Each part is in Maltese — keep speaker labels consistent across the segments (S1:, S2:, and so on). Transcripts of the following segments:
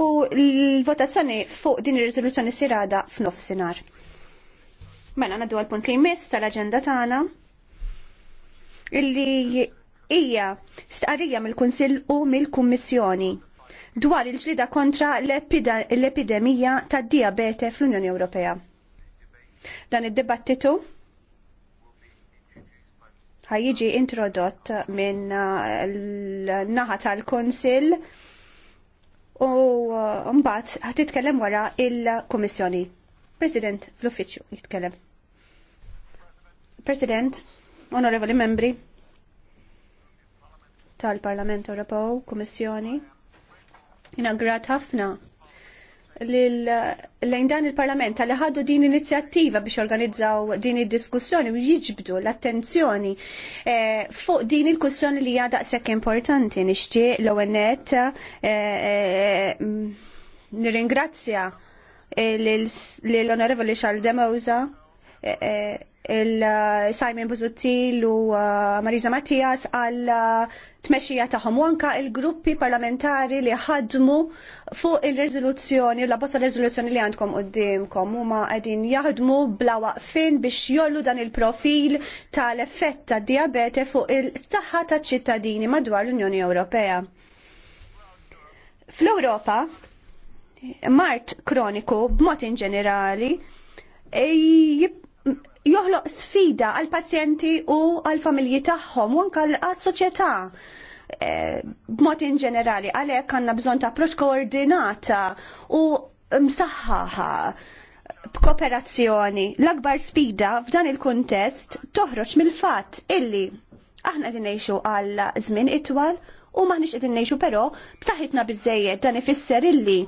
S1: u l-votazzjoni fuq din ir-riżoluzzjoni sirada f'nofsinhar. Mela għandu għal-punt li jmiss tal-agenda tagħna illi hija stqarrija mill-Kunsill u mill-Kummissjoni dwar il-ġlida kontra l-epidemija tad diabete fl-Unjoni Ewropea. Dan id-dibattitu ħajjiġi introdott minn eh, l-naħa tal-Kunsill u uh, mbagħad ħad titkellem wara il-Kummissjoni. President fl-uffiċċju jitkellem. President, onorevoli membri tal-Parlament Ewropew, Kummissjoni, inagrat ħafna lejn dan il-Parlament għal ħaddu din inizjattiva biex organizzaw din id-diskussjoni u jiġbdu l-attenzjoni eh, fuq din il-kussjoni li għada sekk importanti nixtieq l-ONET eh, eh, mm, nirringrazzja l-Onorevoli Charles de Mouza il-Simon Buzuttil u uh, Marisa Mattias għal uh, tmexxija tagħhom wanka anka il-gruppi parlamentari li ħadmu fuq il-riżoluzzjoni, la bosta riżoluzzjoni li għandkom qudiemkom huma qegħdin jaħdmu bla waqfin biex jollu dan il-profil tal-effett tad-diabete fuq il-saħħa taċ-ċittadini madwar l-Unjoni Ewropea. Fl-Ewropa, mart kroniku b'mod in ġenerali, joħloq sfida għal pazjenti u għal familji tagħhom u anke għal soċjetà eh, b'mod in ġenerali għalhekk għandna bżonn ta' approċċ koordinata u msaħħaħa b'kooperazzjoni. L-akbar sfida f'dan il-kuntest toħroġ mill-fatt illi aħna qegħdin ngħixu għal żmien itwal u maħniex qegħdin ngħixu però b'saħħitna biżejjed dan ifisser illi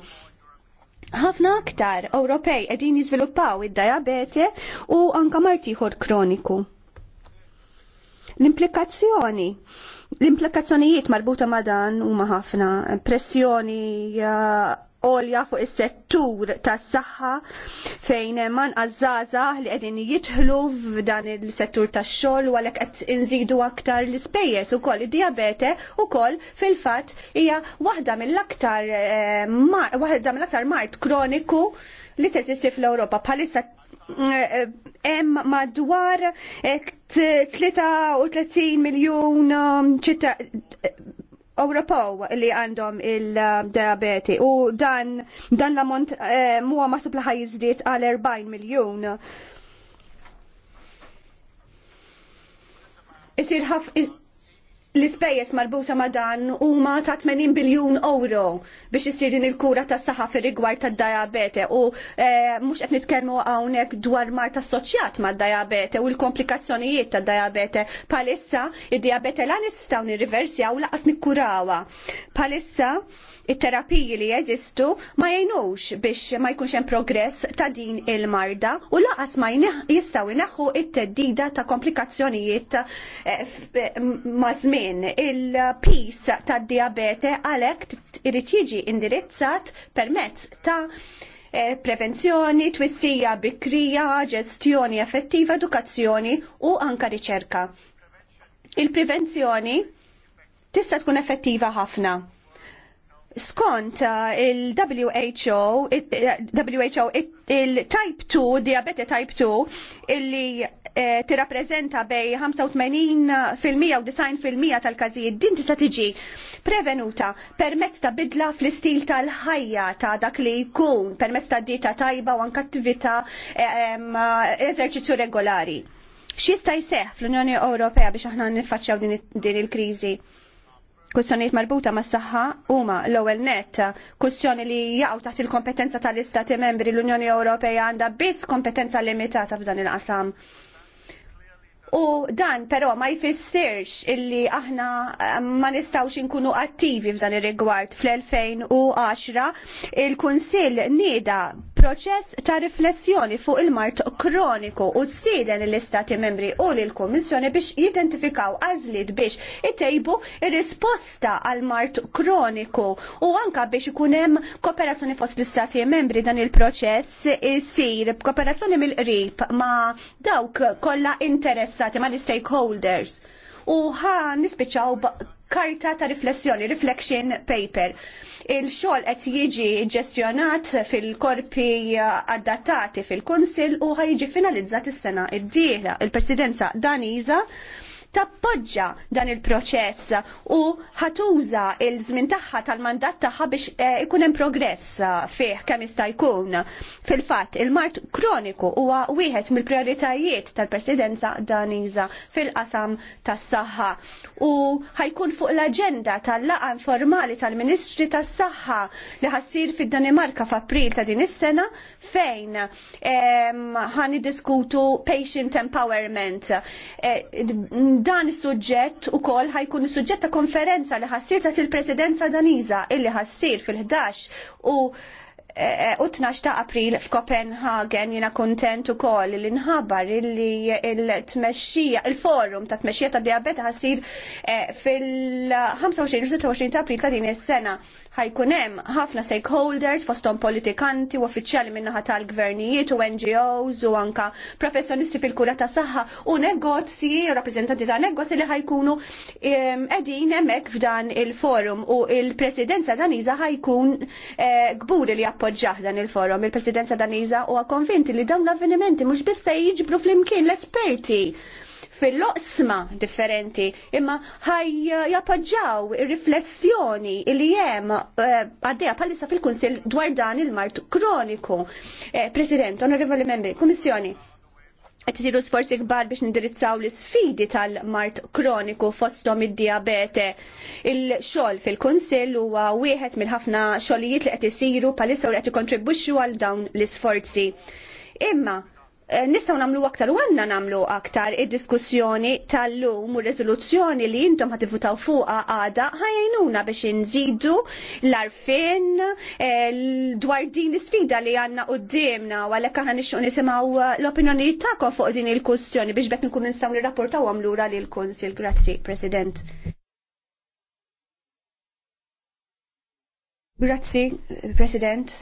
S1: ħafna aktar Ewropej qegħdin jiżviluppaw id-diabete u anka martiħor kroniku. L-implikazzjoni l-implikazzjonijiet marbuta ma' dan huma ħafna pressjoni għolja fuq is-settur tas-saħħa fejn hemm għaż li qegħdin jidħlu f'dan il-settur tax-xogħol u għalhekk qed inżidu aktar l-ispejjeż ukoll id-diabete ukoll fil-fatt hija waħda mill-aktar eh, waħda mill-aktar mart kroniku li teżisti fl-Ewropa bħalissa eh, hemm madwar 33 eh, miljun um, Ewropew li għandhom il-diabeti u dan dan l-ammont huwa eh, maħsub li ħajjiżdied għal 40 miljun. Isir ħaf L-ispejjeż marbuta ma' dan huma ta' 80 biljun euro biex isir din il-kura tas saħħa fir-rigward tad-diabete u eh, mhux qed nitkellmu hawnhekk dwar mart assoċjat mad-diabete u l-komplikazzjonijiet tad-diabete. Palissa id-diabete la nistgħu nirriversjaw laqas nikkurawha. Palissa it-terapiji li jeżistu ma jgħinux biex ma jkunx hemm progress ta' din il-marda u laqas ma jistgħu jneħħu it-teddida ta' komplikazzjonijiet eh, eh, ma' żmien. Il-pis ta' diabete għalhekk irid jiġi indirizzat permezz ta' eh, prevenzjoni, twissija bikrija, ġestjoni effettiva, edukazzjoni u anka riċerka. Il-prevenzjoni tista' tkun effettiva ħafna skont eh, il-WHO, WHO, il-type 2, diabete type 2, illi eh, tirrapprezenta bej 85% u 90% tal-każijiet din tista' tiġi prevenuta permezz ta' bidla fl-istil tal-ħajja ta' dak li jkun permezz ta' dieta tajba u anke eh, eżerċizzju regolari. X'jista' jseħħ fl-Unjoni Ewropea biex aħna niffaċċjaw din il-kriżi? Kustjonijiet marbuta ma' s-saħħa huma l-ewwel net kustjoni li jaqgħu taħt il-kompetenza tal-Istati membri l-Unjoni Ewropea għandha biss kompetenza limitata f'dan il-qasam. U dan però ma jfissirx illi aħna eh, ma nistawx inkunu attivi f'dan ir-rigward fl-2010 il-Kunsill nieda proċess ta' riflessjoni fuq il-mart kroniku u stieden l-Istati membri u l-Kommissjoni biex jidentifikaw għażliet biex itejbu ir-risposta għal mart kroniku u anka biex ikun hemm kooperazzjoni fost l-Istati membri dan il-proċess isir b'kooperazzjoni mill-qrib ma' dawk kollha interessati interessati ma' l-stakeholders. U ħa nispiċaw karta ta' riflessjoni, reflection paper. Il-xol qed jiġi ġestjonat fil-korpi adattati fil-Kunsil u ħajġi finalizzat is-sena id-dieħla. Il-Presidenza Daniża tappoġġa dan il-proċess u ħatuża il-żmien tagħha tal-mandat tagħha biex eh, ikun hemm progress eh, fih kemm jista' jkun. Fil-fatt, il-mart kroniku huwa wieħed mill-prioritajiet tal-Presidenza Daniża fil-qasam tas-saħħa u ħajkun fuq l-aġenda tal-laqa informali tal-Ministri tas-Saħħa li ħassir fid-Danimarka f'April ta' din is-sena fejn ehm, ħani diskutu patient empowerment. Eh, dan is-suġġett ukoll ħajkun is-suġġett ta' konferenza li ħassir ta' il-Presidenza daniza illi ħassir fil-11 u e, e, u 12 ta' april f'Kopenhagen jina kontent u kol li nħabbar illi il-tmexxija, il-forum ta' tmexxija ta' diabeta ħassir e, fil-25 26 ta' april ta' din is-sena ħajkun hemm ħafna stakeholders fosthom politikanti u uffiċjali min-naħa tal-gvernijiet u NGOs u anka professjonisti fil-kura ta' saħħa u negozji u rappreżentanti ta' negozji li ħajkunu qegħdin hemmhekk f'dan il-forum u il-Presidenza Daniża ħajkun eh, gbur li appoġġjah dan il-forum. Il-Presidenza Daniża huwa konvinti li dawn l-avvenimenti mhux biss se jiġbru flimkien l-esperti fil-loqsma differenti imma ħaj eh, jappoġġaw ir-riflessjoni li hemm eh, għaddejja bħalissa fil-Kunsill dwar dan il-mart kroniku. Eh, President, onorevoli membri, Kummissjoni, qed isiru sforzi kbar biex nindirizzaw l-isfidi tal-mart kroniku fostom id-diabete. Il-xogħol fil-Kunsill huwa wieħed mill-ħafna xogħlijiet li qed isiru palissa u qed ikontribwixxu għal dawn l-isforzi. Imma Eh, nistaw namlu aktar u għanna namlu aktar id-diskussjoni tal-lum u rezoluzzjoni li jintom għatifutaw fuqa għada ħajajnuna biex nżidu l-arfin eh, dwar din l-sfida li għanna u d-demna u għalek għanna nixxu nisimaw eh, l-opinjoni ta'kom fuq din il-kustjoni biex bekk nkun nistaw għamlu għamlura li l-Konsil. Grazzi, President. Grazzi, President.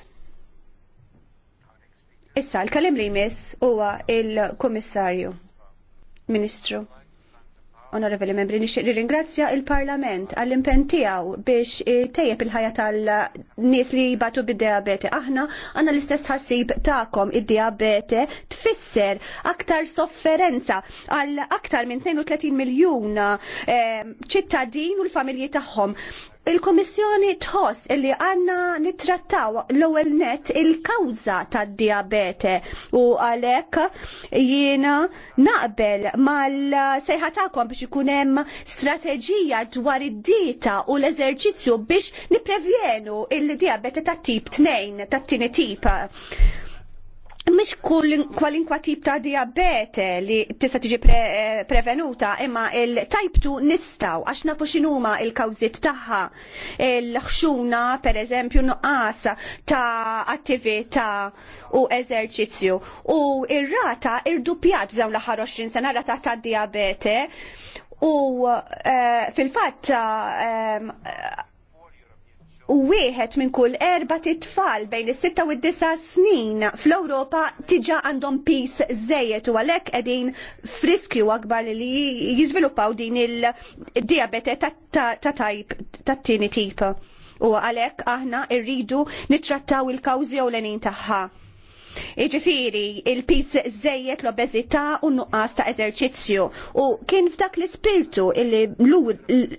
S1: Issa, l-kalim li jmiss huwa il-Komissarju, Ministru. Onorevoli membri, nixtieq li ringrazzja il-Parlament għall-impenn tiegħu biex tejjeb il-ħajja tal-nies li jibatu bid-diabete. Aħna għandna l-istess ħassib tagħkom id-diabete tfisser aktar sofferenza għal aktar minn 32 miljuna eh, ċittadin u l-familji tagħhom. Il-Komissjoni tħoss illi għanna nittrattaw l-ewwel net il-kawża tad-diabete u għalhekk jiena naqbel mal-sejħa tagħkom biex ikun hemm strateġija dwar id-dieta u l-eżerċizzju biex nipprevjenu il-diabete tat-tip 2, tat-tieni tip. Mish kull kwalinkwa tip ta' diabete li tista' tiġi pre, prevenuta imma il-type 2 nistaw għax nafu x'inhuma il-kawżiet tagħha. Il-ħxuna pereżempju nuqqas ta' attività u eżerċizzju. U il rata irdupjat f'dawn l 20 sena rata ta' diabete u uh, fil-fatt uh, um, u wieħed minn kull erba titfal bejn is 6 u d-disa snin fl-Ewropa tiġa għandhom pis żejjed u għalhekk qegħdin friskju akbar li jiżviluppaw din il-diabete ta' tajp tat-tieni tip u għalhekk aħna rridu nittrattaw il-kawżi ewlenin tagħha Iġifiri, il piz zejjed l-obezita u nuqqas ta' eżerċizzju. U kien f'dak l-ispirtu illi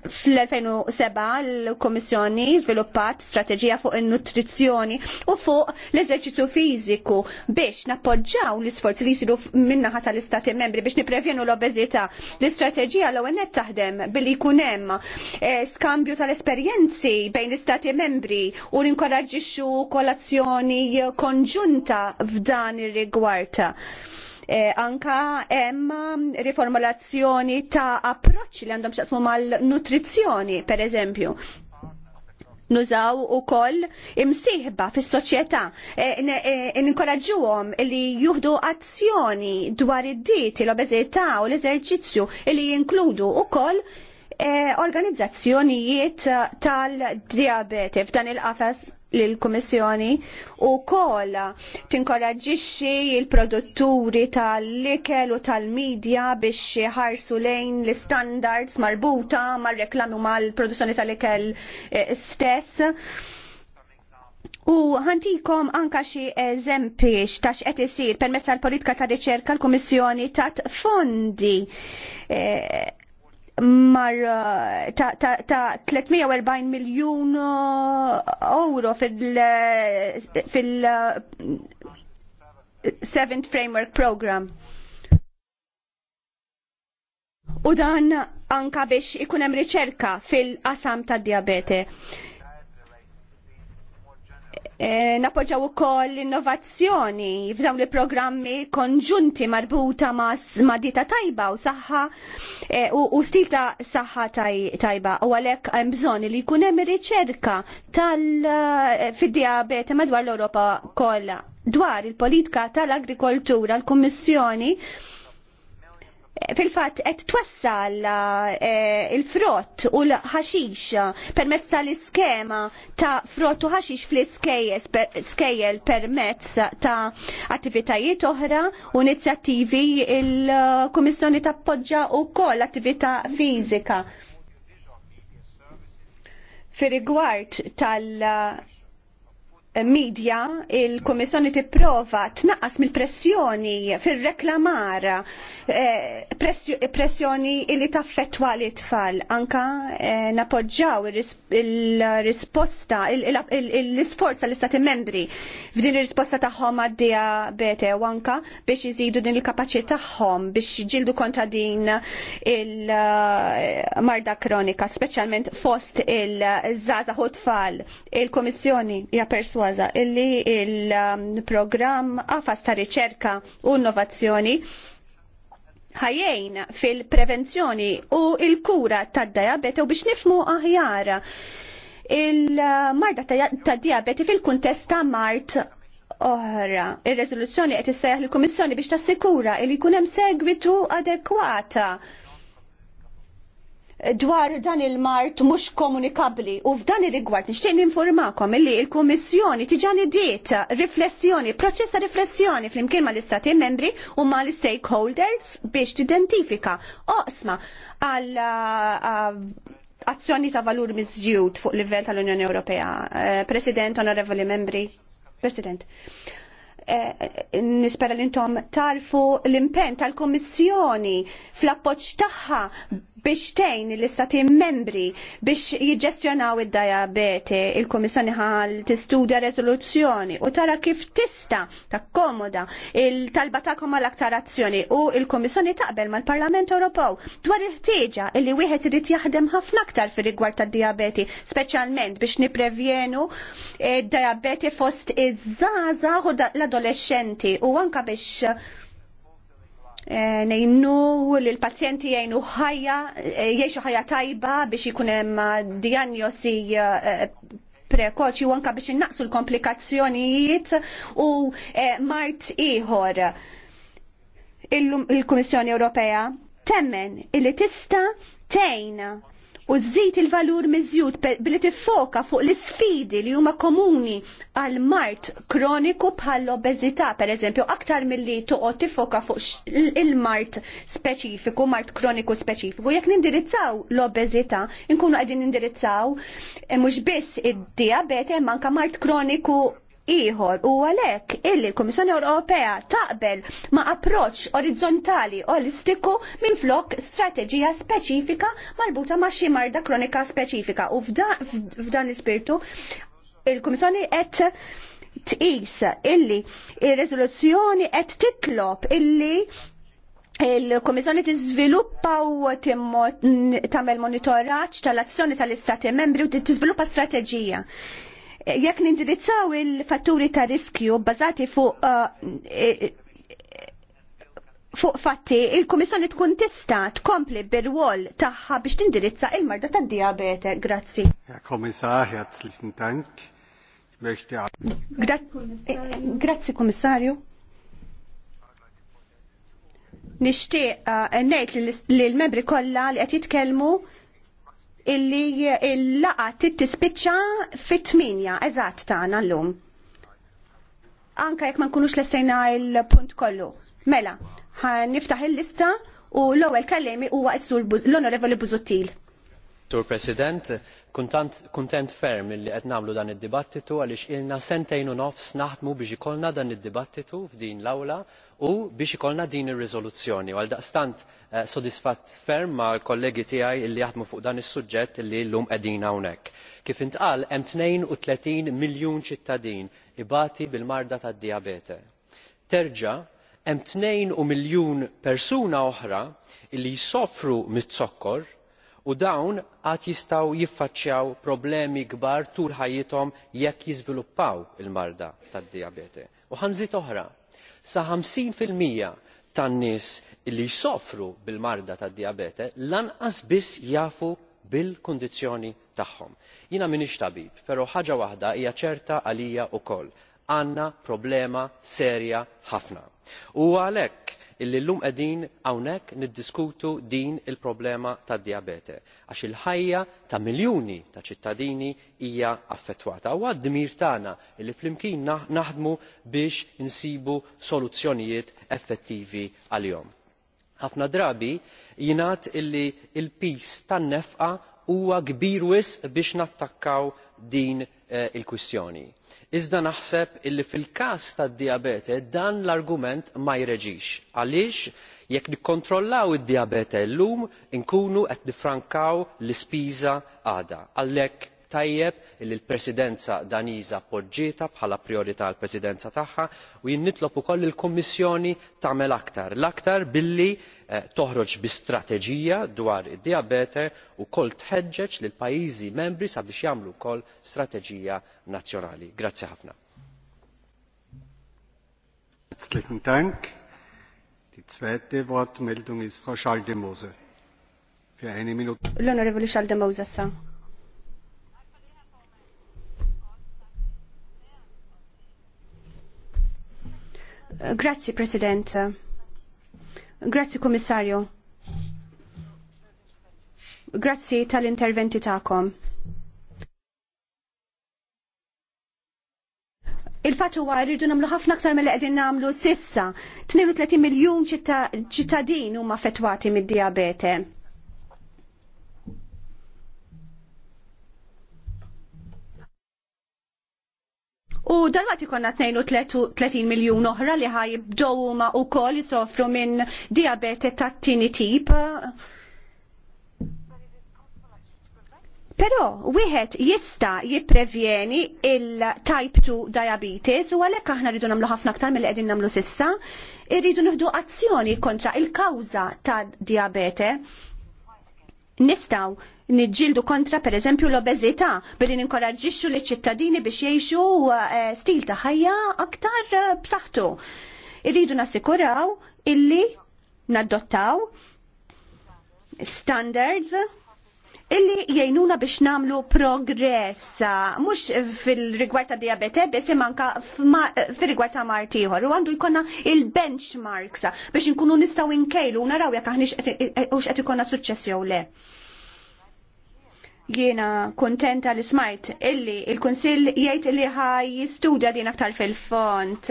S1: fl-2007 l-Komissjoni sviluppat strateġija fuq il-nutrizzjoni u fuq l-eżerċizzju fiziku biex nappoġġaw l-isforzi li jisiru ħata tal-Istati membri biex niprevjenu l-obezita. L-istrateġija l ewwel taħdem billi kunem eh, skambju tal-esperjenzi bejn l-Istati membri u rinkoraġġixxu kolazzjoni konġunta f'dan ir-rigwarta. E, anka hemm riformulazzjoni ta' approċċi li għandhom xaqsmu mal-nutrizzjoni, per eżempju. Nużaw u koll imsiħba fis soċjetà e, e, inkoraġuhom li juhdu azzjoni dwar id-diet, l-obeżità u l-eżerċizzju li jinkludu u koll e, organizzazzjonijiet tal-diabete f'dan il-qafas l-Komissjoni u kol tinkoraġġixxi il-produtturi tal-ikel u tal-medja biex ħarsu lejn l-standards marbuta mar-reklamu mal-produzzjoni tal-ikel eh, stess. U ħantikom anka xi eżempi x'tax qed isir permezz tal-politika ta' riċerka l-Kummissjoni tat fondi. E mar ta', ta, ta 340 miljun uh, euro fil, uh, fil uh, Seventh Framework Program. U dan anka biex ikun hemm riċerka fil-qasam tad-diabete. E, eh, Napoġaw ukoll l-innovazzjoni f'dawn li programmi konġunti marbuta ma, dita tajba u saħħa eh, u, stil ta' saħħa tajba u għalhekk hemm bżonn li jkun hemm riċerka tal eh, fid-diabete madwar l-Ewropa kollha dwar il-politika tal-agrikoltura l-Kummissjoni il politika tal agrikoltura l kummissjoni fil-fat qed twassal eh, il-frott u l-ħaxix permezz tal-iskema ta' frott u ħaxix fl-iskejjel permezz ta' attivitajiet oħra u inizjattivi il-Kummissjoni tappoġġa wkoll attività fiżika. Fi rigward tal- media il-Komissjoni tipprova tnaqqas mill-pressjoni fir-reklamar eh, pressjoni li taffettwa l tfal anka eh, napoġġaw il-risposta l-isforza il risposta l isforza l istati membri f'din ir-risposta tagħhom għaddejja bete u anka biex iżidu din il-kapaċità tagħhom biex jiġildu kontra din il-marda eh, kronika, speċjalment fost il-żazaħ u tfal. Il-Komissjoni hija perswa ambizjuża illi il program għafas ta' riċerka u innovazzjoni ħajjejn fil-prevenzjoni u il-kura tad-diabete u biex nifmu aħjar il-marda tad-diabete fil-kuntest ta' mart oħra. Ir-reżoluzzjoni qed issejjaħ il-Kummissjoni biex tassikura li jkun hemm segwitu adekwata dwar dan il-mart mhux komunikabbli u f'dan ir-rigward nixtieq ninformakom illi l-Kummissjoni tiġani diet riflessjoni, proċess ta' riflessjoni flimkien mal-Istati membri u mal-stakeholders biex tidentifika oqsma għal azzjoni ta' valur miżjud fuq livell tal-Unjoni Ewropea. Eh, President, onorevoli membri, President, eh, nispera li intom tarfu l impenn tal-Kommissjoni fl-appoċ tagħha biex tejn l-istati membri biex jiġġestjonaw id-diabete, il-Komissjoni ħal tistudja rezoluzzjoni u tara kif tista takkomoda il-talba tagħkom għal aktar azzjoni u il-Komissjoni taqbel mal-Parlament Ewropew dwar il-ħtieġa li wieħed irid jaħdem ħafna aktar fir-rigward tad-diabeti, speċjalment biex niprevjenu id-diabeti eh, fost iż-żgħażagħ u l-adolescenti u anka biex Eh, nejnu li l-pazjenti jgħinu ħajja, eh, jgħixu ħajja tajba biex ikun hemm eh, diagnosi prekoċi u anka biex innaqsu l-komplikazzjonijiet u mart ieħor. Il-Kummissjoni Ewropea temmen illi tista' tejna u żżid il-valur miżjud billi tiffoka fuq l-isfidi li huma komuni għal mart kroniku bħal obeżità pereżempju aktar milli toqgħod tiffoka fuq il-mart speċifiku, mart kroniku speċifiku. Jekk nindirizzaw l-obeżità, inkunu qegħdin nindirizzaw eh, mhux biss id-diabete manka mart kroniku iħor u għalhekk illi l-Kummissjoni Ewropea taqbel ma' approċċ orizzontali olistiku minn flok strateġija speċifika marbuta ma' xi marda kronika speċifika u f'dan l-ispirtu il-Kummissjoni qed tqis illi ir-riżoluzzjoni qed titlob illi il-Komissjoni tiżviluppa u tagħmel monitoraġġ tal-azzjoni tal-Istati membri u tiżviluppa strateġija. Jekk nindirizzaw il-fatturi ta' riskju bazati fuq uh, e, e, fuq fatti il-Kummissjoni tkun tista' tkompli bil-wol tagħha biex tindirizza il-marda tad-diabete. Grazzi. E, grazzi Kommissarju. Nixtieq uh, ngħid lill-membri kollha li qed jitkellmu illi il-laqa tit-tispiċċa fit-8, eżatt tagħna llum. Anka jekk ma nkunux lestejna il-punt kollu. Mela, niftaħ il-lista u l-ewwel kallemi huwa s-sur l-Onorevoli Buzuttil.
S2: Sur President, kuntent ferm li qed nagħmlu dan id-dibattitu għaliex ilna sentejn u nofs naħdmu biex ikollna dan id-dibattitu f'din l-awla u biex ikollna din ir-riżoluzzjoni. Għaldaqstant eh, sodisfatt ferm mal kollegi tiegħi li jaħdmu fuq dan is-suġġett li llum qegħdin hawnhekk. Kif intqal hemm tnejn u tletin miljun ċittadin ibati bil-marda tad-dijabete. Terġa' hemm tnejn u miljun persuna oħra li jsofru mit sokkor u dawn għad jistgħu jiffaċċjaw problemi kbar tul ħajjithom jekk jiżviluppaw il marda tad dijabete u ħanżit oħra sa ħamsin fil-mija tan-nies li jsofru bil marda tad dijabete lanqas biss jafu bil kundizzjoni tagħhom. Jiena m'iniex tabib, però ħaġa waħda hija ċerta għalija wkoll għandna problema serja ħafna. U għalhekk illi llum qegħdin hawnhekk niddiskutu din il-problema tad-dijabete għax il-ħajja ta' miljuni ta' ċittadini hija affettwata u għad-dmir tagħna li flimkien naħdmu biex insibu soluzzjonijiet effettivi għalihom. ħafna drabi jingħad illi l il piż tan-nefqa huwa kbir wisq biex nattakkaw din Eh, il-kwistjoni. Iżda naħseb illi fil-każ tad-diabete dan l-argument ma jreġix. Għaliex jekk nikkontrollaw id-diabete llum inkunu qed nifrankaw l-ispiża għadha Għalhekk tajjeb li l-presidenza daniża poġġietha bħala prijorità għall presidenza tagħha u jien nitlob ukoll lill kummissjoni tagħmel aktar l-aktar billi eh, toħroġ bi strateġija dwar id dijabete u wkoll tħeġġeġ lill pajjiżi membri sabiex jagħmlu wkoll strateġija nazzjonali. Grazzi ħafna. Die zweite Wortmeldung ist Frau Schaldemose. Für eine Minute.
S1: L'onorevole Schaldemose, Grazzi, President. Grazzi, Komissarju. Grazzi tal-interventi ta'kom. Il-fatt huwa rridu nagħmlu ħafna aktar mill qegħdin nagħmlu sissa. 32 miljun ċittadin huma affettwati mid-diabete. U dal-waqt konna 32 miljon oħra li ħajibdow huma wkoll isofru minn diabete tat-tieni tip. Pero, wieħed jista jipprevjeni il-type 2 diabetes u għalhekk aħna rridu nagħmlu ħafna aktar mill qegħdin nagħmlu sissa, irridu nieħdu azzjoni kontra il-kawża tad diabete. Nistgħu niġġieldu kontra pereżempju l-obeżità billi ninkoraġġixxu liċ ċittadini biex jgħixu eh, stil ta' ħajja aktar eh, b'saħħtu. Irridu nassikuraw illi nadottaw standards illi jgħinuna biex namlu progress, mux fil-rigward ta' diabete, biss manka fil-rigward ta' martiħor, u għandu jkonna il-benchmarks biex nkunu nistaw inkejlu, naraw jek aħniex e-, e-, qed ikonna suċċess jew le. Jiena kontenta li smajt illi il-Kunsill jgħid li ħaj jistudja din aktar fil-font.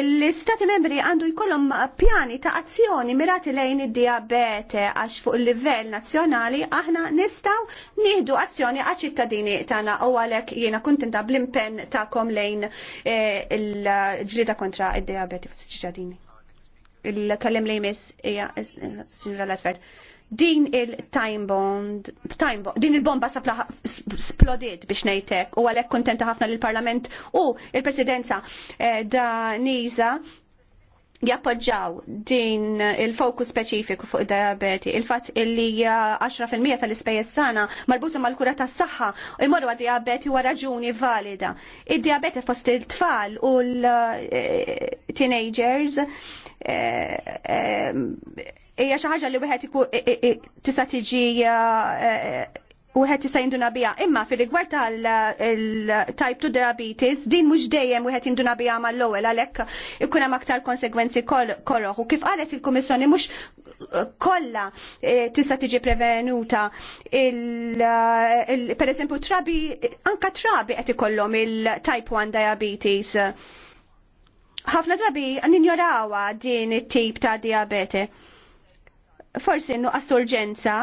S1: L-Istati membri għandu jkollhom pjani ta' azzjoni mirati lejn id-diabete għax fuq il-livell nazzjonali aħna nistgħu nieħdu azzjoni għal ċittadini tagħna u għalhekk jiena kuntenta bl-impenn tagħkom lejn eh, il ġlieda kontra id-diabete fis ċittadini. Il-kellem li jmiss hija Sinra Latfert din il-time bond, time bond, din il-bomba safla splodiet biex nejtek u għalek kontenta ħafna li l-Parlament u il-Presidenza eh, Daniza jappoġġaw din il-fokus speċifiku fuq diabeti, il-fat illi 10% eh, tal-ispejjeż sana marbuta mal-kura tas saħħa imorru għad diabeti huwa raġuni valida. Id-diabeti fost il-tfal u l-teenagers eh, eh, hija xi ħaġa li wieħed ikun tista' tiġi uh, uh, wieħed tista' jista' jinduna biha. Imma fir rigward tal-type 2 diabetes, din mhux dejjem wieħed jinduna biha mal-ewwel għalhekk ikun hemm aktar konsegwenzi korroħ. U kif qalet il-Kummissjoni mhux uh, kollha tista' tiġi prevenuta pereżempju trabi anka trabi qed ikollhom il-type 1 diabetes. Ħafna drabi ninjorawha din it-tip ta' diabete forsi nuqqas urġenza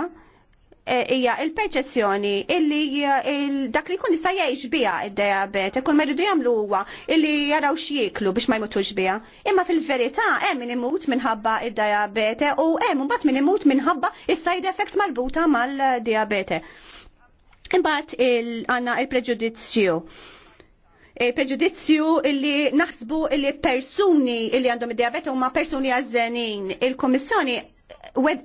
S1: e, hija il-perċezzjoni illi dak li kun jista' jgħix biha id-diabet, ikun meridu jagħmlu huwa illi jaraw x'jieklu biex ma jmutux biha. Imma fil-verità hemm min imut minħabba id-diabete u hemm mbagħad min imut minħabba is-side effects marbuta mal-diabete. Imbagħad il għandna il-preġudizzju e, preġudizzju illi naħsbu illi persuni illi għandhom id-diabete huma persuni għazzenin. Il-Kommissjoni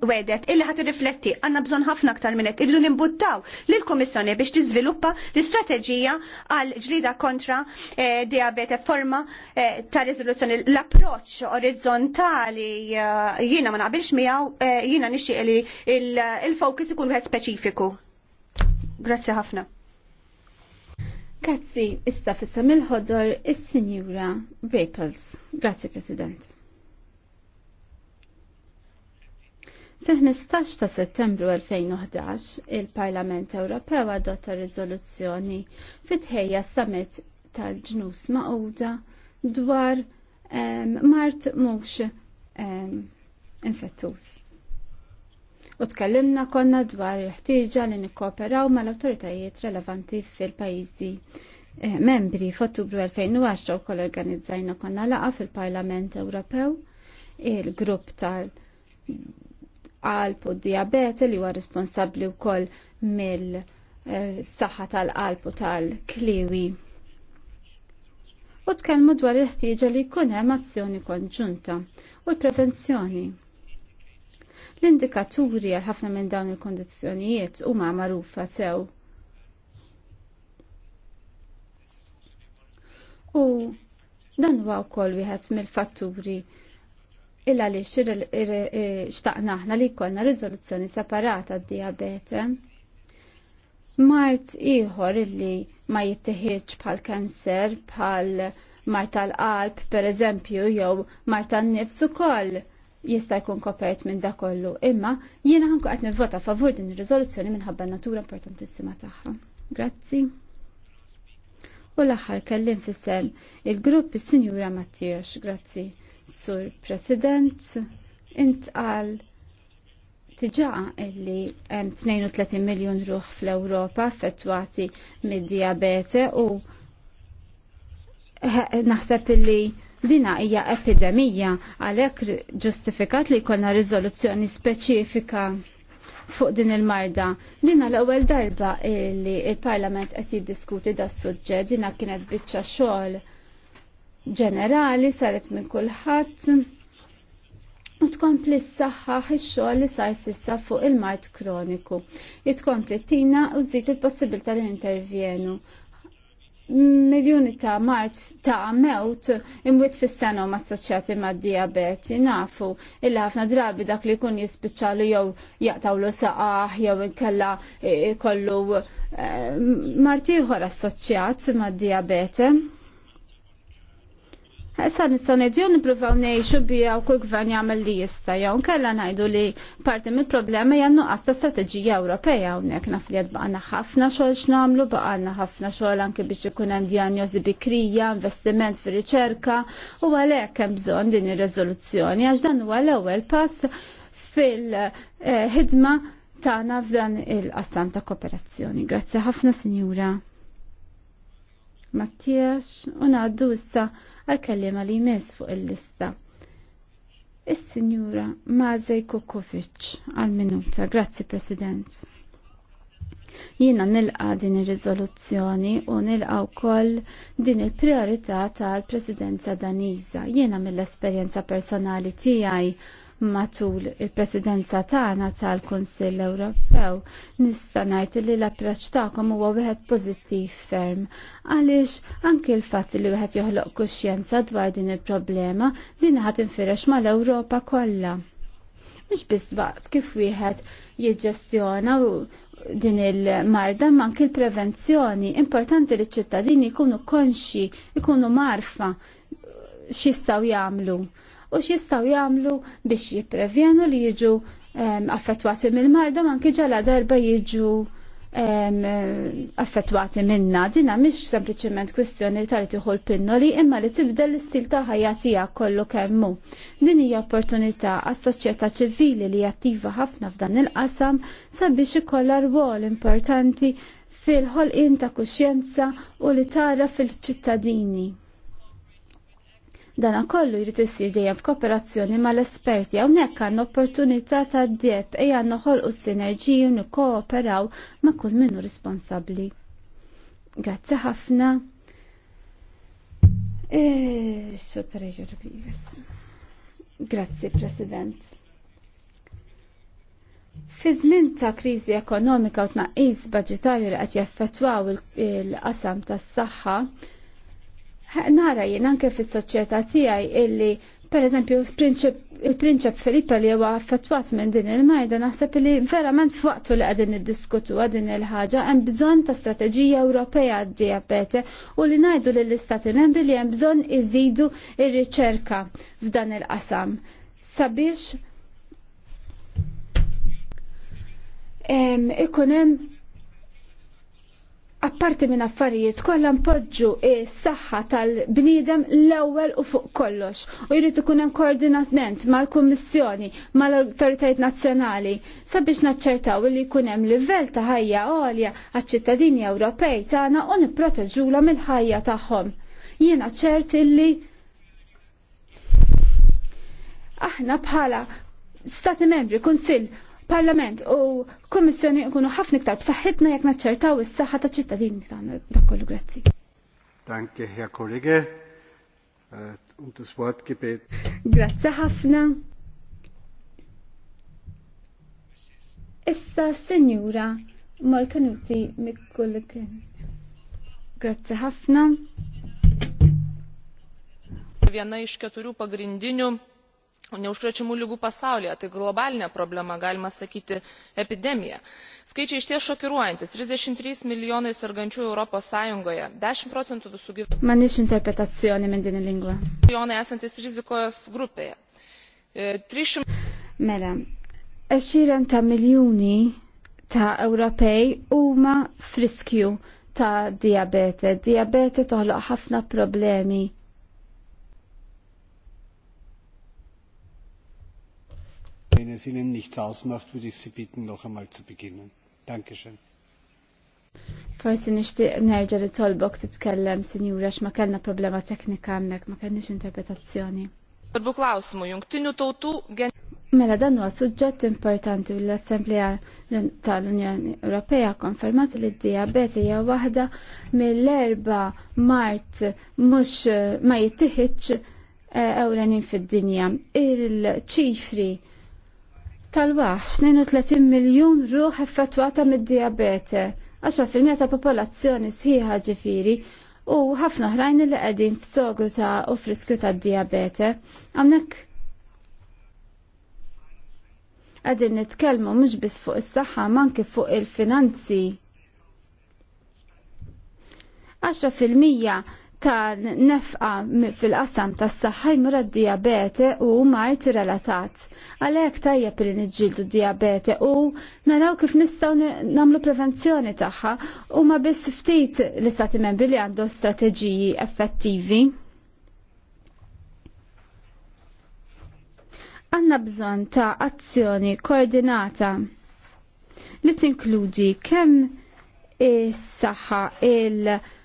S1: wedet illi ħat rifletti għanna bżon ħafna aktar minnek irridu nimbuttaw lill-Kummissjoni biex tiżviluppa l-istrateġija għal ġlida kontra eh, diabete forma eh, ta' riżoluzzjoni l-approċċ orizzontali eh, jiena ma naqbilx miegħu eh, jiena nixtieq li il-fokus ikun wieħed speċifiku. Grazzi ħafna.
S3: Grazzi, issa fissa il-ħodor is-Sinjura Raples. Grazzi, President. Fi 15 ta' settembru 2011, il-Parlament Ewropew adotta riżoluzzjoni fit-ħejja summit tal-ġnus ma'uda dwar um, mart mhux um, infettus. U tkellimna konna dwar il-ħtieġa li nikkooperaw mal-awtoritajiet relevanti fil-pajjiżi eh, membri f'Ottubru 2010 wkoll organizzajna konna laqa fil-Parlament Ewropew il-grupp tal- qalb u diabete li huwa responsabbli wkoll mill-saħħa tal-qalb u tal-kliwi. U tkellmu dwar il-ħtieġa li jkun hemm azzjoni konġunta u l-prevenzjoni. L-indikaturi għal ħafna minn dawn il-kondizzjonijiet huma magħrufa sew. U dan huwa wkoll wieħed mill-fatturi illa li xtaqna aħna li jkollna riżoluzzjoni separata d-diabete. Mart ieħor illi ma jittieħiġ bħal kanser, bħal marta l qalb pereżempju jew marta n nifs ukoll jista' jkun kopert minn da kollu. Imma jiena ħanku qed nivvota favur din ir-riżoluzzjoni minħabba natura importantissima tagħha. Grazzi. U l-aħħar kellim fis il-grupp is-Sinjura Mattiex. grazzi. Sur President, intqal Tiġa illi 32 miljon ruħ fl-Europa affettwati mid-diabete u naħseb illi dina hija epidemija għalhekk ġustifikat li jkollna riżoluzzjoni speċifika fuq din il-marda. Dina l-ewwel darba li il-Parlament qed jiddiskuti da' suġġed dina kienet biċċa xogħol ġenerali saret minn kulħadd u tkompli s-saħħaħ ix-xogħol li sar sissa fuq il-mart kroniku. Jitkompli tina u żid il-possibilità li intervjenu. Miljuni ta' mart ta' mewt imwit fis assoċjati ma' diabeti nafu illa ħafna drabi dak li jkun jispiċċalu jew jaqtawlu saqaħ jew inkella kollu eh, martiħor assoċjat ma' diabete. Issa nistgħu ngħidu nippruvaw ngħixu biha u gvern jagħmel li jista' jew nkella ngħidu li parti mill-problema hija nuqqas ta' strateġija Ewropea hawnhekk naf li baqgħna ħafna xogħol x'nagħmlu, baqgħna ħafna xogħol anke biex ikun hemm dijanjosi bikrija, investiment fir-riċerka u għalhekk hemm bżonn din ir-riżoluzzjoni għax dan huwa l-ewwel pass fil-ħidma tagħna f'dan il-qassam ta' kooperazzjoni. Grazzi ħafna, Sinjura. Mattias u ngħaddu issa għal-kellima li jmiss fuq il-lista. Is-Sinjura Mazej Kukovic għal-minuta. Grazzi, President. Jiena nilqa din ir-riżoluzzjoni u nilqa wkoll din il-priorità tal-Presidenza Daniża. Jiena mill-esperjenza personali tiegħi matul il-presidenza tagħna tal-Kunsill Ewropew nista' ngħid li l-approċċ tagħkom huwa wieħed pożittiv ferm għaliex anke l-fatt li wieħed joħloq kuxjenza dwar din il-problema li ħadd infirex mal-Ewropa kollha. Mhux biss waqt kif wieħed jiġġestjona din il-marda ma anke l-prevenzjoni. Importanti li ċ-ċittadini jkunu konxi, jkunu marfa x'jistgħu jagħmlu u x'jistgħu jagħmlu biex jipprevjenu li jiġu affettwati mill-marda ma anke darba jiġu affettwati minna. Dina mhix sempliċement kwistjoni tal tieħu pinnoli imma li tibdel l-istil ta' ħajja tiegħek kollu kemm hu. Din hija opportunità għas-soċjetà ċivili li attiva ħafna f'dan il-qasam sabiex ikollha rwol importanti fil-ħolqien ta' kuxjenza u li tara fil-ċittadini. Dana kollu jrid isir dejjem f'kooperazzjoni mal-esperti hawnhekk għandna opportunità ta' djeb e għandna ħolqu sinerġiju nikkooperaw ma' kull minnu responsabbli. Grazzi ħafna. E, Grazzi President. Fi żmien ta' kriżi ekonomika u tnaqqis budġetarju li qed jaffettwaw il-qasam tas-saħħa, il qasam tas saħħa nara jien anke fis-soċjetà tiegħi illi per eżempju il-prinċep Filippa li huwa affettwat minn din il-majda naħseb li verament f'waqtu li qegħdin niddiskutu din il-ħaġa hemm bżonn ta' strateġija Ewropea għad-diabete u li ngħidu lill-istati membri li hemm bżonn iżidu ir-riċerka f'dan il-qasam sabiex ikun hemm apparti minn affarijiet kollha npoġġu s-saħħa tal-bniedem l-ewwel u fuq kollox u jrid ikun hemm koordinament mal-Kummissjoni mal-Awtoritajiet Nazzjonali sabiex naċċertaw li jkun hemm livell ta' ħajja għolja għaċ-ċittadini Ewropej tagħna u nipproteġula mill-ħajja tagħhom. Jiena ċert illi aħna bħala Stati Membri, Kunsill Parlament u Kommissjoni ikunu ħafna iktar b'saħħitna jekk naċċertaw is-saħħa taċ ċittadini tagħna dak kollu grazzi.
S2: Danke, Herr Kollege. Äh, und das Wort gebet.
S3: Grazzi ħafna. Issa Sinjura Malkanuti Mikkulik. Grazzi ħafna.
S1: Viena iš keturių pagrindinių neužkrečiamų ligų pasaulyje tai globalinė problema galima sakyti epidemija. skaičiai išties šokiruojantys trisdešimt trys milijonai sergančiųjų europos sąjungoje dešimt procentų visų
S3: gyventojų milijonai
S1: esantys rizikos grupėje. E,
S3: mela, għexiren ta' miljuni ta' Ewropej huma friskju ta' diabete. Diabete toħloq ħafna problemi
S2: es Ihnen nichts ausmacht, würde ich Sie bitten, noch einmal zu beginnen. Dankeschön.
S3: Forsi nixtieq nerġa' li tolbok titkellem, Sinjura, x'ma kellna problema teknika hemmhekk, ma kellniex interpretazzjoni.
S2: Tolbu
S1: klausmu, jungtinu totu gen.
S3: Mela dan huwa suġġett importanti l-Assembleja tal-Unjoni Ewropea konfermat li d-diabete hija waħda mill-erba mart mhux ma jittieħiġ eh, ewlenin fid-dinja. Il-ċifri Tal-waħx 32 miljon ruħ effettwata mid-diabete, 10% ta' popolazzjoni sħiħa ġifiri u ħafna ħrajn li qegħdin f'sogru ta' u friskju ta' diabete. Għamnek qegħdin nitkellmu mhux biss fuq is-saħħa manki fuq il-finanzi. 10% tal-nefqa fil-qasam tas-saħħa jmur diabete u marti relatat. Għalhekk tajjeb li niġġieldu diabete u naraw kif nistgħu nagħmlu prevenzjoni tagħha u ma biss ftit l-istati membri li għandhom strateġiji effettivi. Għanna bżon ta' azzjoni koordinata li tinkludi kemm is-saħħa il-, -saha, il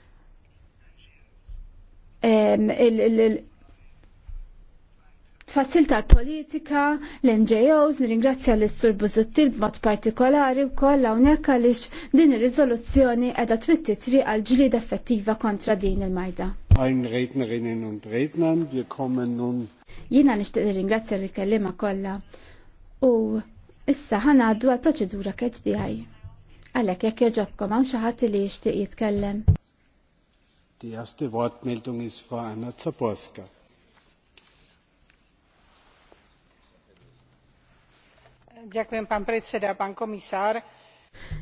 S3: tfassil l politika l-NGOs, nirringrazzja l-Istur Buzuttil b'mod partikolari u koll hawnhekk għaliex din ir-riżoluzzjoni qiegħda twittitri għal ġlid effettiva kontra din il-marda.
S2: Għajn Rednerinnen und Rednern, wir kommen nun.
S3: Jiena nixtieq nirringrazzja li kellima kollha. U issa għaddu għal proċedura keġ DI. Għalhekk jekk jogħġobkom hawn xi ħadd li jixtieq jitkellem.
S2: Die erste Wortmeldung ist Frau Anna Zaborska.
S1: Ďakujem, pán predseda, pán komisár.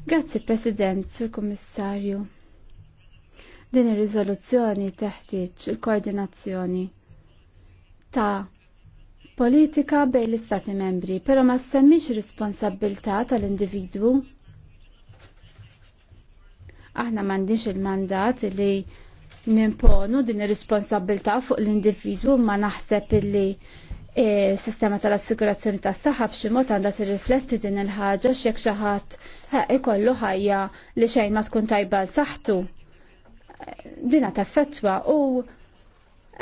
S3: Grazie, President, Sur Kommissarju. Din ir-riżoluzzjoni teħtieġ il-koordinazzjoni ta' politika bejn l-Istati membri, pero ma semmix responsabilità tal individu Aħna m'għandix il-mandat li nimponu din ir-responsabilità fuq l-individwu ma naħseb illi e, sistema tal-assikurazzjoni tas saħħa b'xi mod għandha tirrifletti din il-ħaġa x'jekk xi ħadd ikollu ħajja li xejn ma tkun tajba l saħħtu. Dina effettwa u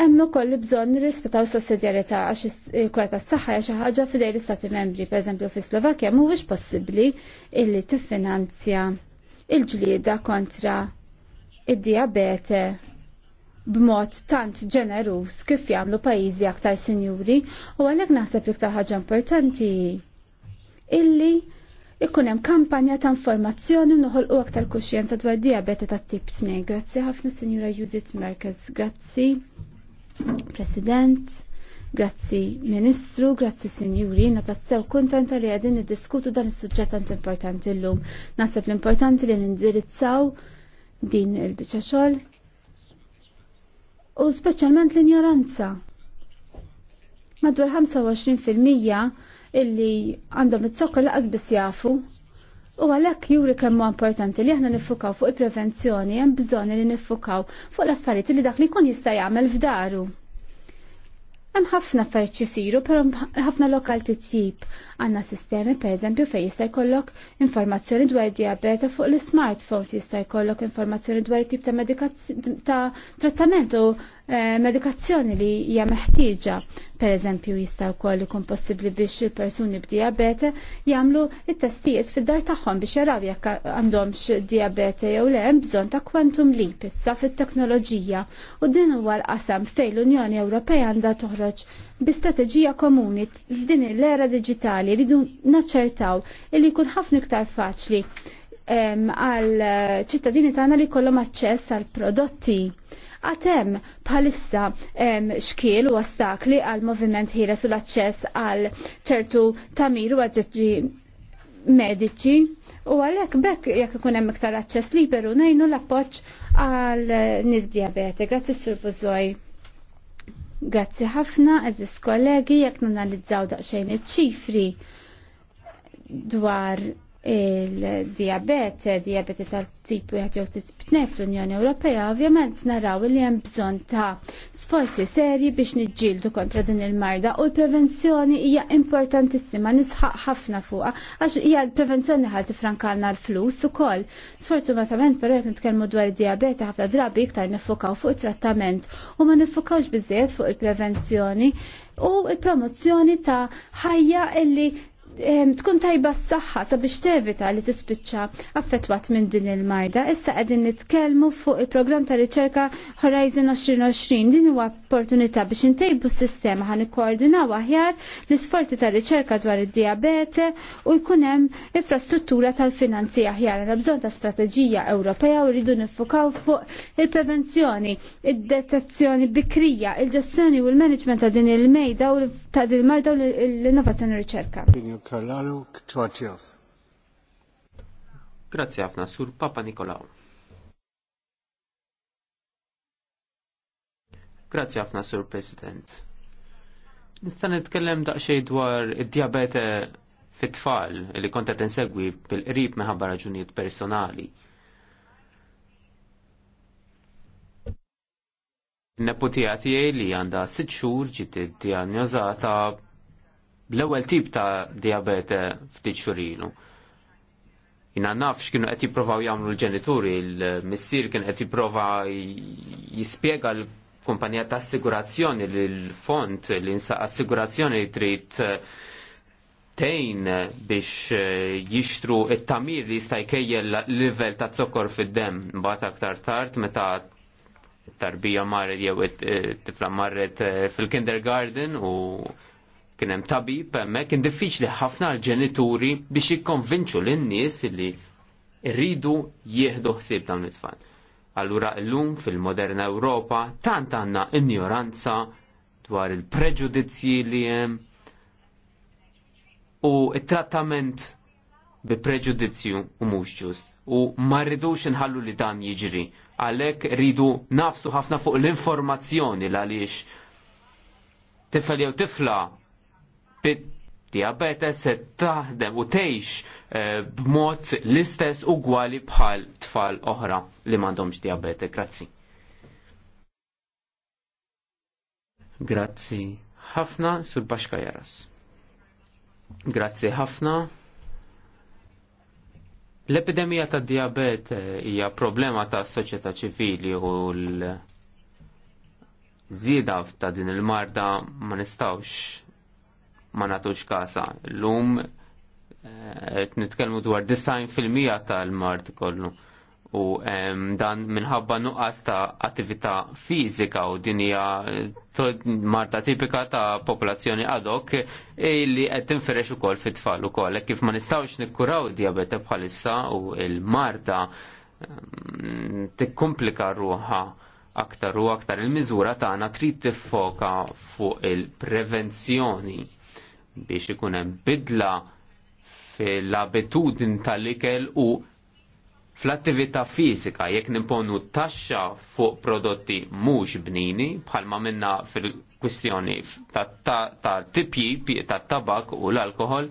S3: hemm ukoll li bżonn nirrispettaw sussidjarjetà għax il-kura tas-saħħa hija xi ħaġa fidej l-Istati Membri, pereżempju fi Slovakkja mhuwiex possibbli illi tiffinanzja il-ġlieda kontra id-diabete b'mod tant ġeneruż kif jagħmlu pajjiżi aktar sinjuri u għalhekk naħseb iktar ħaġa importanti illi ikun hemm kampanja ta' informazzjoni noħolqu aktar kuxjenza dwar diabete ta' tip 2. Grazzi ħafna Sinjura Judith Merkez, grazzi President, grazzi Ministru, grazzi Sinjuri, natassew kuntenta li għedin niddiskutu dan is-suġġett tant importanti llum. Naħseb l-importanti li nindirizzaw din il biċċa xogħol u speċjalment l-injoranza. Madwar 25% illi għandhom it-sokkar laqas biss jafu U għalhekk juri kemm importanti li aħna niffukaw fuq il-prevenzjoni hemm bżonn li niffukaw fuq l-affarijiet li dak li jkun jista' jagħmel f'daru. Hemm ħafna affarijiet isiru, però ħafna lokal titjib. Għandna sistemi pereżempju fejn jista' jkollok informazzjoni dwar diabete fuq l-smartphones jista' jkollok informazzjoni dwar tip ta' ta' trattament u Eh, medikazzjoni li hija meħtieġa. Pereżempju jista' wkoll ikun possibbli biex il-persuni b'diabete jagħmlu it-testijiet fid-dar tagħhom biex jaraw jekk għandhomx diabete jew le hemm bżonn ta' kwantum li issa fit-teknoloġija u din huwa l-qasam fejn l-Unjoni Ewropea għandha toħroġ bi strateġija komuni din l-era diġitali ridu naċċertaw li jkun ħafna iktar faċli għal ċittadini tagħna li kollhom aċċess għal prodotti Għatem bħalissa xkiel u ostakli għal moviment ħires u l-aċċess għal ċertu tamir u għadġeġi mediċi u għalek bekk jekk ikun hemm iktar aċċess liberu ngħinu l-appoġġ għal nies diabete. Grazzi Sur Bużoj. Grazzi ħafna, eżis kollegi, jekk nanalizzaw daqsxejn iċ-ċifri dwar il-diabet, diabeti tal-tip 1 jħat jowtit 2 fl-Unjoni Ewropea, ovvjament naraw li hemm bżonn ta' sforzi serji biex niġġieldu kontra din il-marda u l-prevenzjoni hija importantissima nisħaq ħafna fuqha għax hija l-prevenzjoni ħadd tifrankalna l-flus ukoll. Sfortunatament però jekk nitkellmu dwar id-diabeti ħafna drabi iktar nifukaw fuq it-trattament u ma nifukawx biżejjed fuq il-prevenzjoni u il-promozzjoni ta' ħajja illi tkun tajba s-saxħa sabiex tevita li tispiċċa affettwat minn din il-marda. Issa qegħdin nitkellmu fuq il-programm ta' riċerka Horizon 2020. Din huwa opportunità biex intejbu s-sistema ħan ikkoordinaw aħjar l-isforzi ta' riċerka dwar id-diabete u jkun hemm infrastruttura tal-finanzi aħjar. Għandna bżonn ta' strateġija Ewropea u rridu nifukaw fuq il-prevenzjoni, id-detezzjoni bikrija, il-ġestjoni u l-management ta' din il-mejda u l ta' din marda u l-innovazzjoni riċerka.
S4: Grazie ħafna sur Papa Nikolaw. Grazie ħafna sur President. Nista' nitkellem daqsxejn dwar id-diabete fit-tfal li kont qed insegwi bil-qrib meħabba raġunijiet personali. Nepotija tijaj li għandha sitt xhur ġiet diagnożata bl-ewwel tip ta' diabete ftit xurilu. Jina nafx kienu qed jipprovaw jagħmlu l-ġenituri, l-missier kien qed jipprova jispjega l-kumpanija ta' assigurazzjoni li l-font li insa assigurazzjoni trid eh, tejn biex eh, jixtru it-tamir li jista' jkejjel l-livell ta' zokkor fid-dem. Bata aktar tard meta tarbija marret jew eh, tifla marret eh, fil-kindergarten u kien hemm tabib hemmhekk kien diffiċli ħafna l-ġenituri biex jikkonvinċu lin-nies li rridu jieħdu ħsieb dawn it-tfal. Allura llum fil-moderna Ewropa tant għandna ignoranza dwar il-preġudizzji li hemm u t trattament bi preġudizzju u mhux ġust. U ma rridux inħallu li dan jiġri. Għalhekk rridu nafsu ħafna fuq l-informazzjoni l għaliex tifel jew tifla bit diabete se taħdem u tgħix eh, b'mod l-istess ugwali bħal tfal oħra li m'għandhomx diabete. Grazzi. Grazzi ħafna sur baxka jaras. Grazzi ħafna. L-epidemija ta' diabet eh, hija problema ta' soċjetà ċivili u l żieda ta' din il-marda ma nistawx ma natux kasa. L-lum eh, qed nitkellmu dwar 90% tal-mard kollu u dan minħabba nuqqas ta' attività fiżika u din hija marta tipika ta' popolazzjoni ad hoc e li qed tinferex ukoll fit-tfal ukoll. E kif ma nistgħux nikkuraw diabete bħalissa u l-marta tikkomplika ruha aktar u aktar il-miżura tagħna trid tiffoka fuq il-prevenzjoni biex ikun hemm bidla fil-abitudin tal-ikel u Fl-attività fizika jekk nimponu taxxa fuq prodotti mhux bnini bħalma minna fil-kwistjoni ta', tipji ta' tabak u l-alkohol,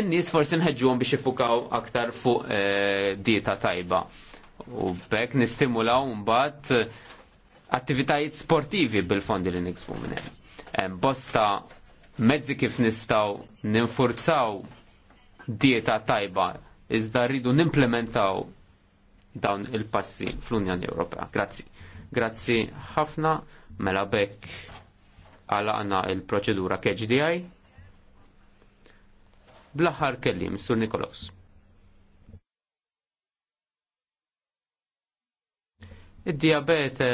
S4: in-nies forsi nħeġġuhom biex ifukaw aktar fuq eh, dieta tajba. U bekk nistimulaw mbagħad eh, attivitajiet sportivi bil-fondi li niksbu minn hemm. Bosta mezzi kif nistgħu ninfurzaw dieta tajba iżda rridu nimplementaw dawn il-passi fl-Unjoni Ewropea. Grazzi. Grazzi ħafna mela bekk għalaqna il-proċedura KHDI. Blaħar kellim, Sur Nikolos. Id-diabete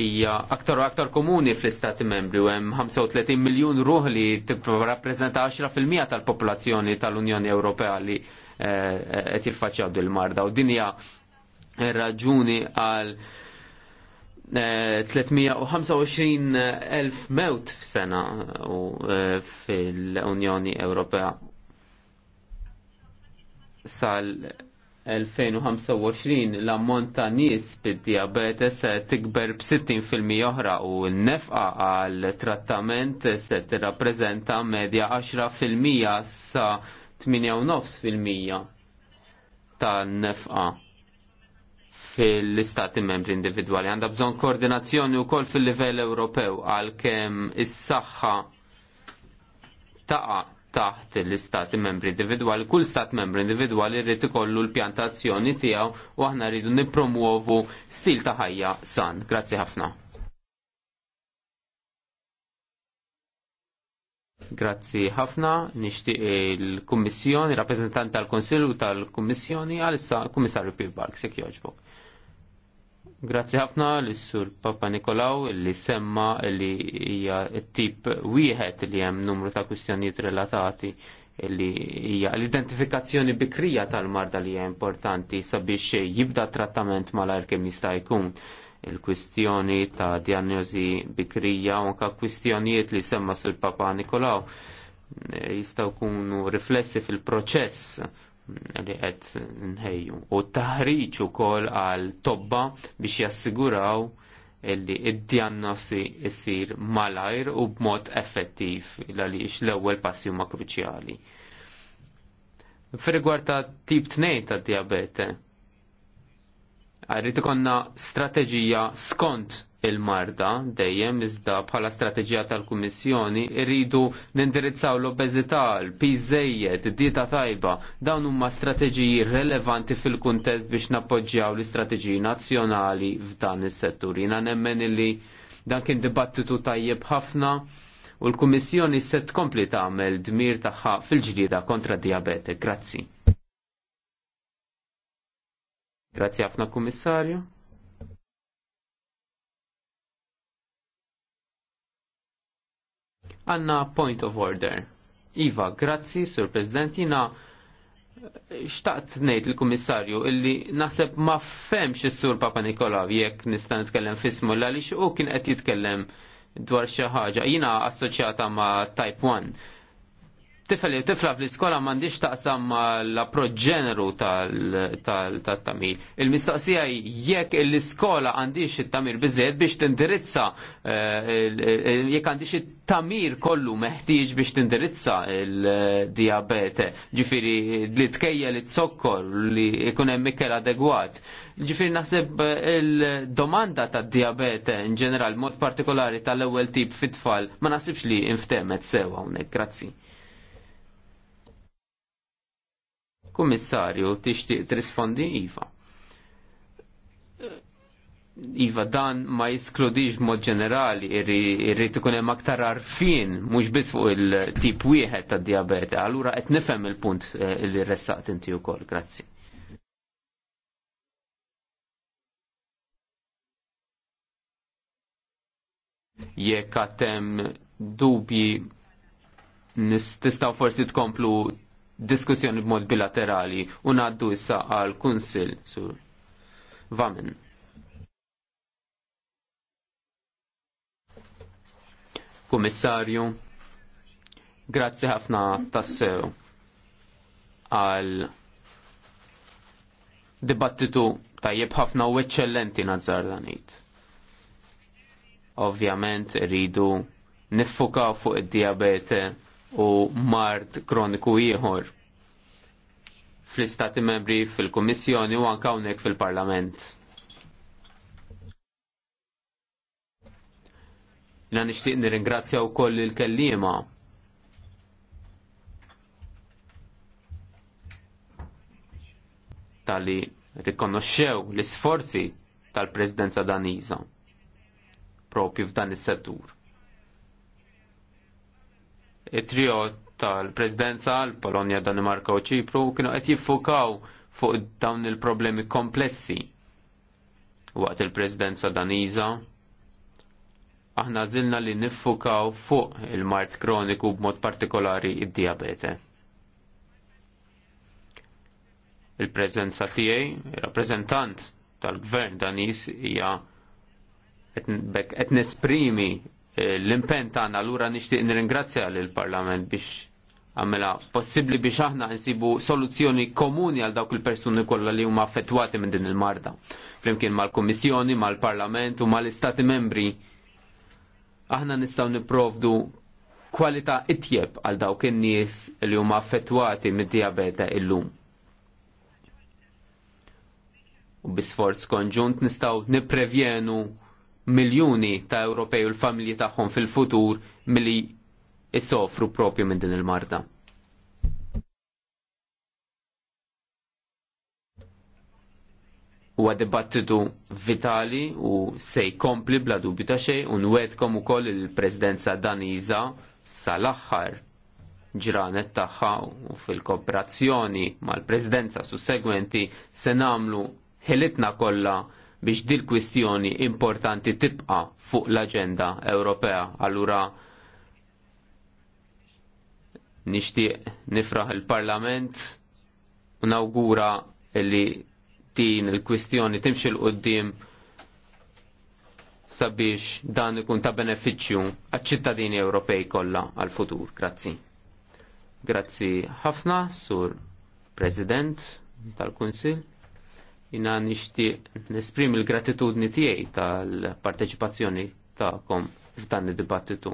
S4: hija aktar u aktar komuni fl-istati membri u hemm 35 miljun ruħ li tipprappreżenta 10% tal-popolazzjoni tal-Unjoni Ewropea li qed jiffaċċjaw bil marda u dinja raġuni għal 325 eh, mewt f'sena eh, fil-Unjoni Ewropea sal 2025 l-ammont ta' nies bid-diabetes se tikber b-60% oħra u n-nefqa għal trattament se tirrappreżenta medja 10% sa' 8.9% tal-nefqa fil-istati membri individwali. Għanda bżon koordinazzjoni u fil-livell Ewropew għal kem is-saħħa taqa taħt l-istati membri individwali, kull stat membri individwali jrid ikollu l-pjantazzjoni tiegħu u aħna rridu nippromuovu stil ta' ħajja san. Grazzi ħafna. Grazzi ħafna, nixtieq il-Kummissjoni, rappreżentanti tal kunsill u tal-Kummissjoni, għalissa Kummissarju Pibbark, sekk jogħġbok. Grazzi ħafna l-Sur Papa Nikolaw li semma li hija tip wieħed li hemm numru ta' kwistjonijiet relatati li hija l-identifikazzjoni bikrija tal-marda li hija importanti sabiex jibda trattament malajr kemm jista' jkun il-kwistjoni ta' diagnosi bikrija u anka kwistjonijiet li semma sul Papa Nikolaw eh, jistaw kunu riflessi fil-proċess li qed nħejju u taħriċu ukoll għal tobba biex jassiguraw illi id-diagnosi jessir malajr u b'mod effettiv għaliex l-ewwel passi ma' kruċjali. fir ta' tip 2 ta' diabete, Għarrit ikonna strateġija skont il-marda dejjem iżda bħala strateġija tal-Kummissjoni irridu nindirizzaw l-obeżità, l-piżejjed, dieta tajba. Dawn huma strateġiji relevanti fil-kuntest biex nappoġġjaw l-istrateġiji nazzjonali f'dan is-settur. Jiena nemmen li dan kien dibattitu tajjeb ħafna u l-Kummissjoni se tkompli tagħmel dmir tagħha fil-ġdida kontra diabete. Grazzi. Grazzi ħafna kummissarju. Għanna point of order. Iva, grazzi, Sur President, jina eh, xtaqt nejt il-Kummissarju illi naħseb ma femx is-Sur Papa Nikola jekk nista' nitkellem fismu l għaliex u kien qed jitkellem dwar xi ħaġa. Jina assoċjata ma' Type 1 tifel jew tifla fl-iskola m'għandix taqsam mal-approċ ġeneru tal-tamil. Il-mistoqsija jekk l-iskola għandix it-tamir biżejjed biex tindirizza eh, jekk għandix it-tamir kollu meħtieġ biex tindirizza il-diabete. Ġifieri li tkejja li tzokkor li jkun hemm ikel adegwat. Ġifieri naħseb il-domanda tad-diabete in ġeneral mod partikolari tal-ewwel tip fit-tfal ma naħsibx li inftemet sewa hawnhekk. Grazzi. Kummissarju, tixtieq trispondi Iva. Iva dan ma jiskludix mod ġenerali, irrid ikun hemm aktar arfin, mhux biss fuq il-tip wieħed tad diabete, allura qed nifhem il-punt eh, li ressaqt inti wkoll, grazzi. Jekk għatem dubji tistaw forsi tkomplu diskussjoni b'mod bilaterali u ngħaddu issa għal kunsil sur Vamen. Kummissarju, grazzi ħafna tassew għal dibattitu tajjeb ħafna u eccellenti nazzar danit. Ovvjament rridu niffuka fuq id-diabete u mart kroniku ieħor fl-istati membri fil-Kummissjoni u anke hawnhekk fil-Parlament. Jina nixtieq nirringrazzja wkoll il-kellima Tali rikonoxxew l-isforzi tal-Presidenza Daniża propju f'dan is-settur it-trio tal-Presidenza l-Polonja, Danimarka u Ċipru kienu qed jiffukaw fuq dawn il-problemi komplessi waqt il-Presidenza Daniża. Aħna żilna li niffukaw fuq il-mart kroniku b'mod partikolari id-diabete. Il-preżenza tiegħi, il-rappreżentant tal-gvern Daniż hija qed nesprimi Eh, l-impen tagħna nishtiq nixtieq nirringrazzja lill parlament biex għamela possibbli biex aħna nsibu soluzzjoni komuni għal dawk il-persuni kollha li huma affettwati minn din il-marda. Flimkien mal-Kummissjoni, mal-Parlament u mal-Istati membri aħna nistgħu nipprovdu kwalità itjeb għal dawk in-nies li huma affettwati mid-diabete illum. U bisforz konġunt nistgħu niprevjenu miljuni ta' Ewropej u l-familji tagħhom fil-futur milli jissofru propju minn din il-marda. huwa dibattitu vitali u se jkompli bla dubju ta' xejn u nwedkom ukoll il-Presidenza Daniża sal-aħħar ġranet tagħha u fil-kooperazzjoni mal-Presidenza sussegwenti se nagħmlu ħilitna kollha biex dil kwistjoni importanti tibqa fuq l-agenda Ewropea. Allura nixtieq nifraħ il-Parlament u nawgura li din il-kwistjoni timxi l-qoddim sabiex dan ikun ta' beneficju għal-ċittadini Ewropej kollha għal-futur. Grazzi. Grazzi ħafna, Sur President tal-Kunsil jina nishtiq nesprim il-gratitudni tiegħi tal-parteċipazzjoni ta'kom f'dan id-dibattitu.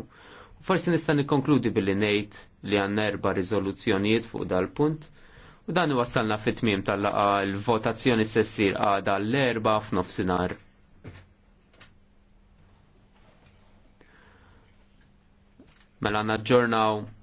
S4: Forsi nista' nikkonkludi billi ngħid li għandna erba' riżoluzzjonijiet fuq dal-punt u dan iwassalna fit-tmiem tal-laqa l-votazzjoni sessir għada l-erba' f'nofsinhar. Mela naġġornaw